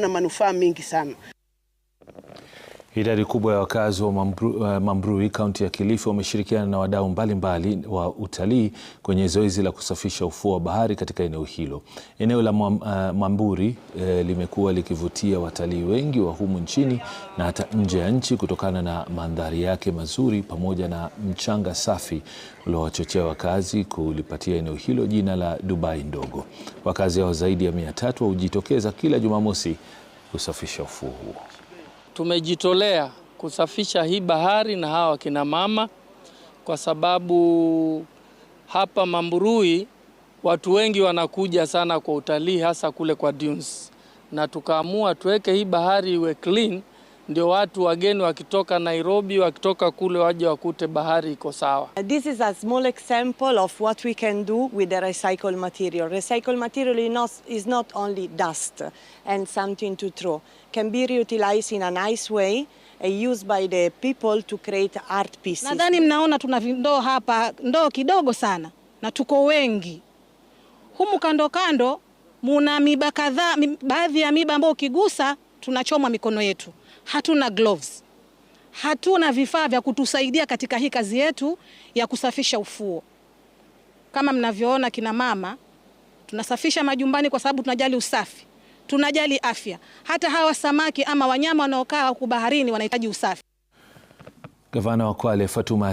na manufaa mingi sana. Idadi kubwa ya wakazi wa Mambrui eh, kaunti ya Kilifi wameshirikiana na wadau mbalimbali wa utalii kwenye zoezi la kusafisha ufuo wa bahari katika eneo hilo. Eneo la eh, Mamburi eh, limekuwa likivutia watalii wengi wa humu nchini na hata nje ya nchi kutokana na mandhari yake mazuri pamoja na mchanga safi uliowachochea wakazi kulipatia eneo hilo jina la Dubai ndogo. Wakazi hao zaidi ya mia tatu hujitokeza kila Jumamosi kusafisha ufuo huo tumejitolea kusafisha hii bahari na hawa wakina mama, kwa sababu hapa mamburui watu wengi wanakuja sana kwa utalii, hasa kule kwa dunes, na tukaamua tuweke hii bahari iwe clean ndio watu wageni wakitoka Nairobi, wakitoka kule waje wakute bahari iko sawa. This is a small example of what we can do with the recycled material. Recycled material is not, is not only dust and something to throw. Can be reutilized in a nice way uh, used by the people to create art pieces. Nadhani mnaona tuna ndoo hapa, ndoo kidogo sana na tuko wengi. Humu kando kando muna miba kadhaa, baadhi ya miba ambayo ukigusa tunachoma mikono yetu, hatuna gloves, hatuna vifaa vya kutusaidia katika hii kazi yetu ya kusafisha ufuo. Kama mnavyoona, kina mama tunasafisha majumbani kwa sababu tunajali usafi, tunajali afya. Hata hawa samaki ama wanyama wanaokaa huku baharini wanahitaji usafi. Gavana wa Kwale Fatuma